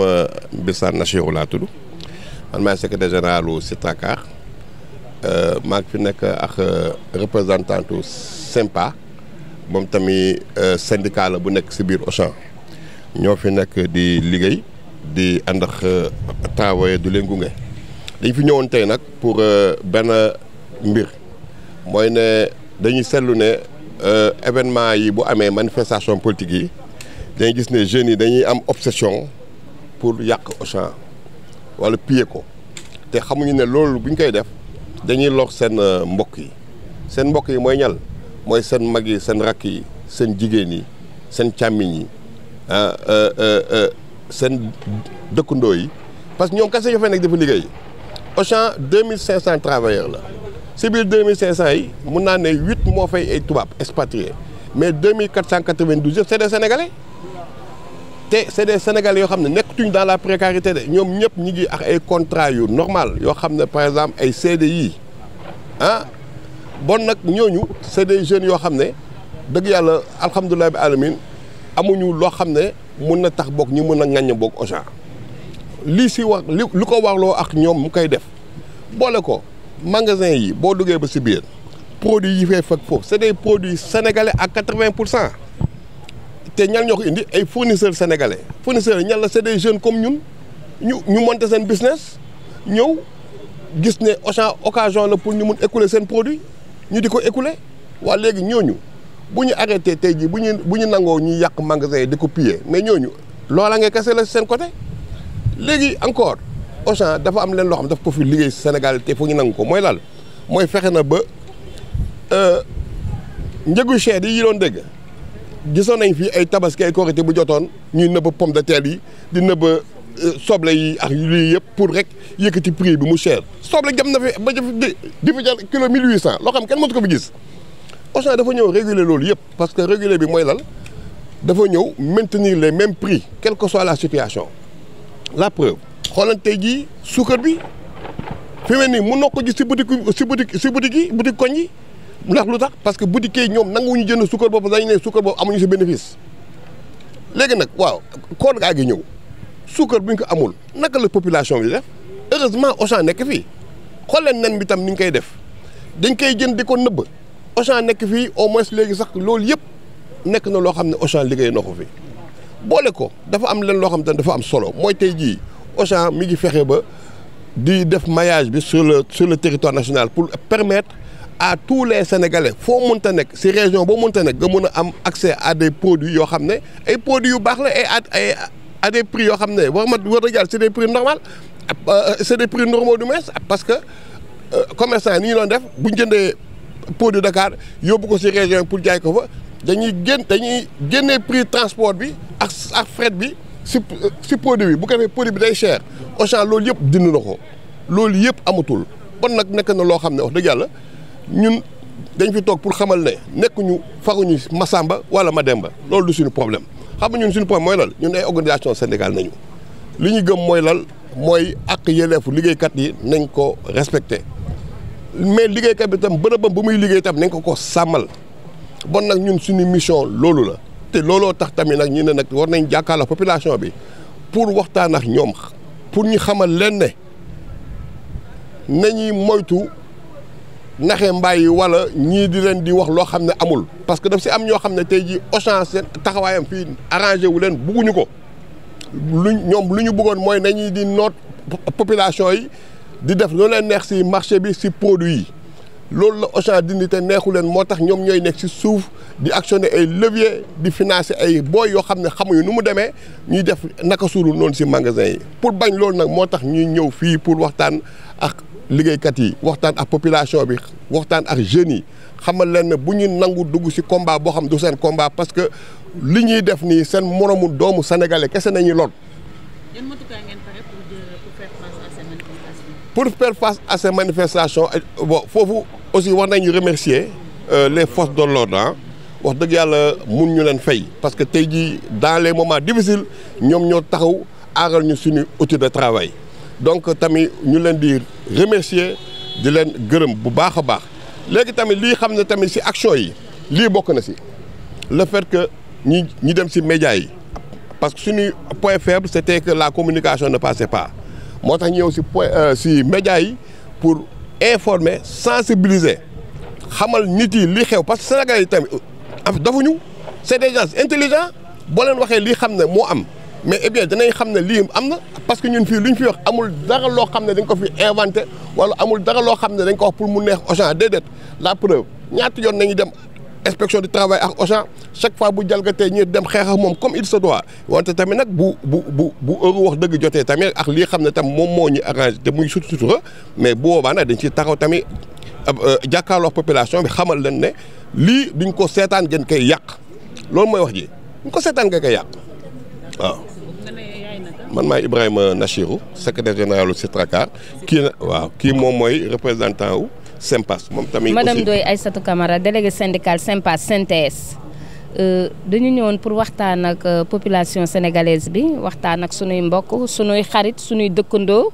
ma Birsan Nachiou laa tudd man maay secrétaire général u Sitrakar euh, maa ngi fi nekk ak euh, représentantu SYMPA moom tamit euh, syndicat la bu nekk si biir Auchan ñoo fi nekk di liggéey di àndax ak travailleur du leen gunge dañ fi ñëwoon tey nag pour benn mbir mooy ne dañuy seetlu ne événement yi bu amee manifestation politique yi dañ gis ne jeunes yi dañuy am obsession pour yàq Auchan wala piller ko te xamuñu ne loolu bu ñu koy def dañuy lor seen euh, mbokk yi seen mbokk yi mooy ñal mooy seen mag yi seen rakk yi seen jigéen yi seen càmmiñ yi ah, euh, euh, seen dëkkandoo yi parce que ñoom kese ñoo fay nekk dafa liggéey Auchan deux mille cinq cent la si biir deux mille cinq cent yi mun naa ne huit moo fay ay tubaab expatriés mais deux mille quatre cent quatre-vingt-douze yëpp c'est des sénégalais te c'est des sénégalais yoo xam ne nekk nekkuñ daal la précarité de ñoom ñëpp ñu ngi ak ay contrat yu normal yoo xam ne par exemple ay CDI ah bon nag ñooñu c'est des jeunes yoo xam ne dëgg yàlla alhamdulilah bi alamin amuñu loo xam ne mun na tax boog ñu mun a ŋaññe boog Auchan lii si wax li lu ko warloo ak ñoom mu koy def boole ko magasin yi boo duggee ba si biir produits yi fee fekk foofu c'est des produits sénégalais à quatre-vingt pour cent te ñan ñoo ko indi ay fournisseurs sénégalais fournisseurs yi ñan la c'est jeune jeunes comme ñun ñu ñu monter seen business ñëw gis ne Auchan occasion la pour ñu mun écouler seen produit ñu di ko écouler waa léegi ñu bu ñu arrêté tey jii bu ñu bu ñu nangoo ñuy yàq magasin yi di ko piller mais ñu loola nga kese la seen côté léegi encore Auchan dafa am leen loo xam daf ko fi liggéey Sénégal te fu ñu nangu ko mooy lal mooy fexe na ba euh, njëgu cher yi yi doon dégg. gisoon nañ fi ay tabaski ay korité bu jotoon ñuy nëbb pomme de terre yi di nëbb euh, soble yi ak lii yëpp pour rek yëkkati prix bi mu cher soble jam na fi ba di fi jar kilo mille huit cent loo xam kenn mosu ko fi gis Auchan dafa ñëw réguler loolu yëpp parce que réguler bi mooy lan dafa ñëw maintenir les mêmes prix quelle que soit la situation la preuve xoolal tey jii suukar bi fi mu ne nii mun na ko gis si boutique si boutique si boutique yi boutique koñ yi ndax lu tax parce que boutique yi ñoom nanguwuñu jënd sukkar boobu dañu ne sukkar boobu amuñu si bénéfice léegi nag waaw koor gaa gi ñëw sukkar bu ñu ko amul naka la population bi def heureusement Auchan nekk fii xool leen nen bi tam ni ñu koy def dañ koy jën di ko nëbb Auchan nekk fii au moins léegi sax loolu yëpp nekk na loo xam ne Auchan liggéey na ko fi boole ko dafa am leen loo xam te dafa am solo mooy tey jii Auchan mi ngi fexe ba di def maillage bi sur le sur le territoire national pour permettre à tous les sénégalais foo mënta nekk si région boo mënta nekk nga mën a am accès à des produits yoo xam ne ay produits yu baax la et à ay à des prix yoo xam ne war ma war a jàll c'est des prix normal euh, c'est des prix normaux du moins parce que euh, commerçant yi ni ñu doon def bu ñu jëndee produit Dakar yóbbu ko si région pour jaay ko fa dañuy génn dañuy génnee prix transport bi ak ak fret bi si si produit bi bu ko defee produit bi day chair Auchan loolu yëpp dindi na ko loolu yëpp amatul bon nag nekk na loo xam ne wax dëgg yàlla. ñun dañ fi toog pour xamal ne nekkuñu faruñu Masamba wala Mademba loolu du suñu problème xam nga ñun suñu problème mooy lal ñun ay organisation syndicale nañu li ñu gëm mooy lal mooy ak yeleefu liggéeykat yi nañ ko respecté mais liggéeykat bi tam bërëbam ba muy liggéey tam nañ ko ko sàmmal bon nag ñun suñu mission loolu la te looloo tax tamit nag ñu ne nag war nañ jàkkaarloo population bi pour waxtaan ak ñoom pour ñu xamal leen ne nañuy moytu naxee mbaay yi wala ñii di leen di wax loo xam ne amul parce que daf si am ñoo xam ne tey jii Auchan seen taxawaayam fii arrangé wu leen bugguñu ko luñ ñoom lu ñu buggoon mooy nañu di noot population yi di def lu leen neex si marché bi si produit yi loolu la Auchan dindi te neexu leen moo tax ñoom ñooy nekk si suuf di actionné ay levier di financé ay booy yoo xam ne xamuñu nu mu demee ñuy def naka suulul noonu si magasin yi pour bañ loolu nag moo tax ñuy ñëw fii pour waxtaan ak. liggéeykat yi waxtaan ak population bi waxtaan ak jeunes yi xamal leen ne bu ñu nangu dugg ci combat boo xam du seen komba parce que li ñuy def nii seen moromu doomu sénégalais kese nañu lool. pour pour faire face à ces manifestations. pour eh, foofu aussi war nañu remercier euh, les forces de l'ordre wax dëgg yàlla mun ñu leen fay parce que tey jii dans les moments difficiles ñoom ñoo taxaw aaral ñu suñu outil de donc tamit ñu leen di remercier di leen gërëm bu baax a baax léegi tamit lii xam ne tamit si action yi lii bokk na si le fait que ñi ñi dem si médias yi parce que suñuy point faible c'était que la communication ne passait pas moo tax ñëw ci point euh, ci médias yi pour informer sensibiliser xamal nit yi lii xew parce que Sénégalais yi tamit euh, dafa ñu c'est des gens boo leen waxee lii xam ne moo am mais eh danañ xam ne lii am na parce que ñun fii lu ñu fi wax amul dara loo xam ne dañ ko fi inventé wala amul dara loo xam ne dañ ko wax pour mu neex Auchan déedéet la preuve ñaata yoon nañu dem inspection du travail ak Auchan chaque fois bu jalgatee ñu dem xeex ak moom comme il se doit wante tamit nag bu bu bu bu heure wax dëgg jotee tamit ak lii xam ne tam moom moo ñu arrangé te muy sut sutura mais bu boobaa nag dañ ciy taxaw tamit euh, jàkkaarloo population bi xamal leen ne lii duñ ko seetaan ngeen koy yàq loolu mooy wax ji duñ ko seetaan ngeen koy yàq man maay Ibrahima Nachirou secrétaire général u Citracar kii waaw kii moom mooy représentant wu SYMPAS moom tamit. madame Ndoye Aïssatou Camara délégué syndical SYMPAS SYNTS. Euh, dañu ñëwoon pour waxtaan ak euh, population sénégalaise bi waxtaan ak sunuy mbokk sunuy xarit sunuy dëkkandoo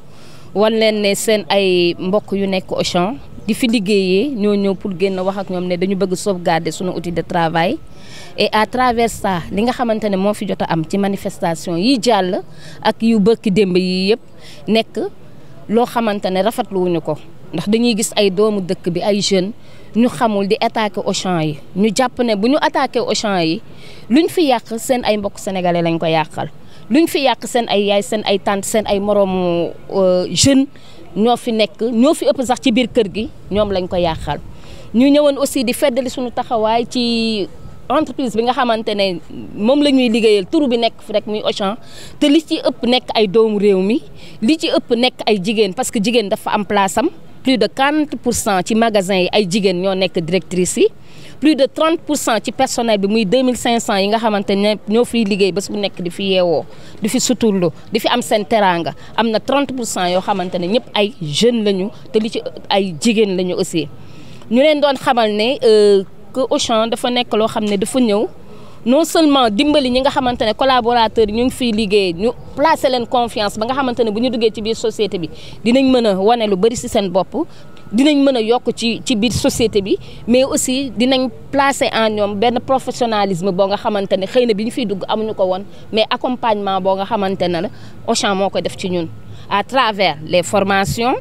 wan ne seen ay mbokk yu nekk Auchan. di fi liggéeye ñoo ñëw pour génn wax ak ñoom ne dañu bëgg sauvegarder suñu outil de travail et à travers ça li nga xamante ne moo fi jot a am ci manifestation yi jàll ak yu bëkki démb yi yëpp nekk loo xamante ne rafetluwuñu ko ndax dañuy gis ay doomu dëkk bi ay jeunes ñu xamul di attaque Auchan yi ñu jàpp ne bu ñu attaqué Auchan yi lu ñu fi yàq seen ay mbokk sénégalais lañ ko yàqal luñ fi yàq seen ay yaay seen ay tante seen ay moroomu euh, jeune ñoo fi nekk ñoo fi ëpp sax ci biir kër gi ñoom lañ ko yàqal ñuy ñëwoon aussi di feddali suñu taxawaay ci entreprise bi nga xamante ne moom la ñuy liggéeyal turu bi nekk fi rek muy Auchan te li ci ëpp nekk ay doomu réew mi li ci ëpp nekk ay jigéen parce que jigéen dafa am place am plus de 40 pour cent ci magasin yi ay jigéen ñoo nekk directrices yi plus de 30 pour cent ci personnel bi muy 2500 yi nga xamante ne ñoo fiy liggéey bés bu nekk di fi yeewoo di fi suturlu di fi am seen teraanga am na 30 pour cent yoo xamante ne ñëpp ay jeunes lañu te li ci ay jigéen lañu aussi ñu leen doon xamal ne euh, que Auchan dafa nekk loo xam ne dafa ñëw. non seulement dimbali ñi nga xamante ne collaborateurs yi ñu ngi fiy liggéey ñu placer leen confiance ba nga xamante ne bu ñu duggee ci biir société bi dinañ mën a wane lu bari ci seen bopp dinañ mën a yokk ci ci biir société bi mais aussi dinañ placer en ñoom benn professionnalisme boo nga xamante ne xëy na bi ñu fiy dugg amuñu ko woon mais accompagnement boo nga xamante ne la Auchan moo ko def ci ñun à travers les formations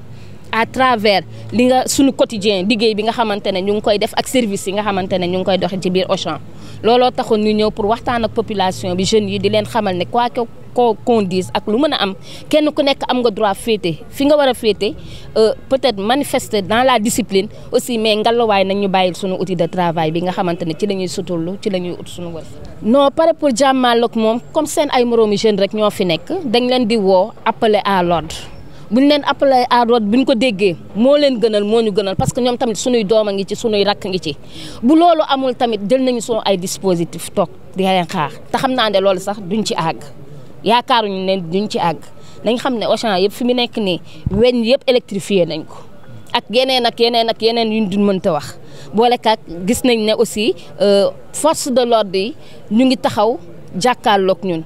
à travers li nga suñu quotidien liggéey bi nga xamante ne ñu ngi koy def ak service yi nga xamante ne ñu ngi koy doxe ci biir Auchan looloo taxoon ñu ñëw pour waxtaan ak population bi jeunes yi di leen xamal ne quoi ko qu'on dise a lu mën a am kenn ku nekk am nga droit féete fi nga war a féete euh, peut-être manifester dans la disipline aussi mais ngallaawaay nañ ñu bàyyil sunu auti de travail bi nga xamante ne ci la ñuy ci la ñuy ut suñu wër. pare pour jàmmaaloog moom comme seen ay moroomi jeunes rek ñoo fi nekk dañ leen di woo appeler à l'ordre bu buñ leen appelé à route buñ ko déggee moo leen gënal moo ñu gënal parce que ñoom tamit suñuy doom a ngi ci suñuy rakk ngi ci bu loolu amul tamit jël nañu soo ay dispositif toog di leen xaar te xam naa ne loolu sax duñ ci àgg yaakaaruñu ne duñ ci àgg nañ xam ne Auchan yëpp fi mu nekk nii weñ yëpp électrifié nañ ko ak yeneen ak yeneen ak yeneen yuñ duñ mënta wax boolekaak gis nañ ne aussi euh, force de l'ordre yi ñu ngi taxaw jàkkaarloog ñun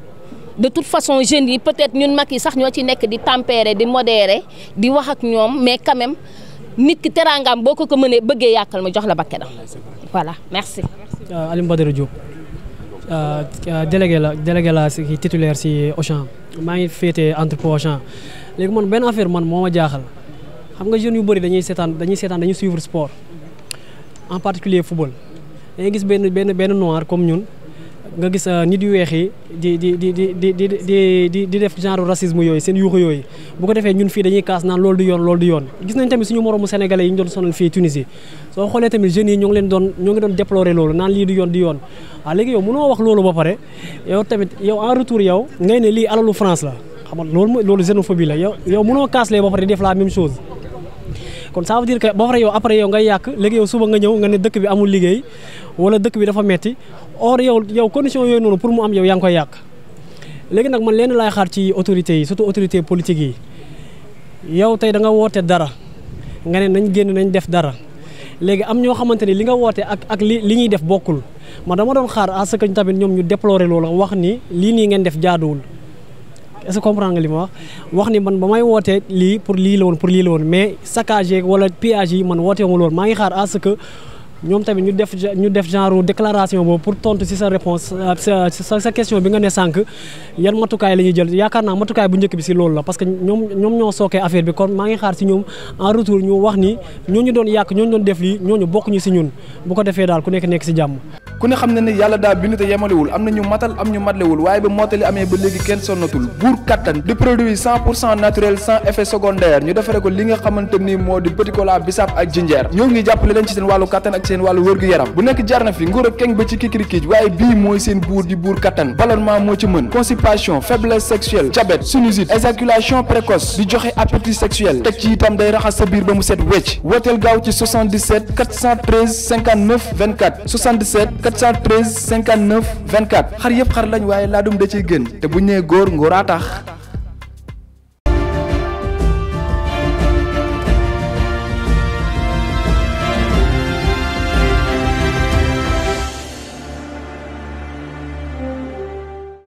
de tout façon jeunes yi peut-être ñun mag yi sax ñoo ci nekk di tempérer di modérer di wax ak ñoom mais quand nit ki teraangaam boo ko ko mënee bëggee yàqal ma jox la bakkanam voilà merci. Euh, Alioune Badara Diop euh, euh, délégué la délégué la si titulaire si Auchan maa ngi féetee entrepôt Auchan léegi man benn affaire man moo ma jaaxal xam nga jeunes yu bëri dañuy seetaan dañuy seetaan dañuy suivre sport en particulier football dañuy gis benn benn benn noir comme ñun. nga gis euh, nit yu weex yi di di di di di di di def genre racisme yooyu seen yuuxu yooyu bu ko defee ñun fii dañuy kaas naan loolu du yoon loolu du yoon gis nañ tamit suñu moroomu sénégalais yi ñu doon sonal fii Tunisie soo xoolee leen doon ñoo ngi doon déplorer loolu naan lii du yoon du yoon waaw ah, léegi yow mënoo wax loolu ba pare yow tamit yow en retour yow ngay ne lii alalu France la xam nga loolu loolu xénophobie la yow yow mënoo kaas lee ba pare def la même chose kon ça veut dire que ba pare yow après yow ngay yàq léegi yow suba nga ñëw nga ne dëkk bi amul liggéey wala dëkk bi dafa metti or yow yow condition yooyu noonu pour mu am yow yaa ngi koy yàq léegi nag man leen laay xaar ci autorités yi surtout autorités politiques yi yow tey da nga woote dara nga ne nañ génn nañ def dara léegi am ñoo xamante ni li nga woote ak ak li li ñuy def bokkul man dama doon xaar à ce que tamit ñoom ñu déplorer loolu wax ni lii nii ngeen def jaaduwul est-ce que nga li ma wax wax ni man ba may wootee lii pour lii la woon pour lii woon mais saccage yeeg wala pillage yi man woote ma maa ngi xaar à ce que ñoom tamit ñu def ñu def genre déclaration boobu pour tontu ci sa réponse euh, sa sa question bi nga ne sànq yan matukaay la ñuy jël yaakaar naa matukaay bu njëkk bi ci loolu la parce que ñoom ñoom ñoo sookee affaire bi kon maa ngi xaar ci ñoom en retour ñu wax ni ñooñu doon yàq ñooñu doon def lii ñooñu bokk ñu ci ñun bu ko defee daal ku nekk nekk ci jàmm ku ne xam ne ne yàlla daa bind te yemalewul am na ñu matal am ñu matlewul waaye ba mottali amee ba léegi kenn sonnatul buur kattan di produit nga xamante ni moo di petit cola bisaab kattan ak seen wàllu wërgu-yaram bu nekk jarna fi nguur ak keng ba ci kikirikiij waaye bii mooy seen buur di buur kattan ballonnement moo ci mën constipation faiblesse sexuelle diabète sinusite éjaculation précoce di joxe appétit sexuel teg ci itam day raxas sa biir ba mu set wecc wooteel gaaw ci 77 413 59 24 77 413 59 24 xar yëpp xar lañ waaye laa dum da ciy gën te bu ñu nee góor ngóoraa tax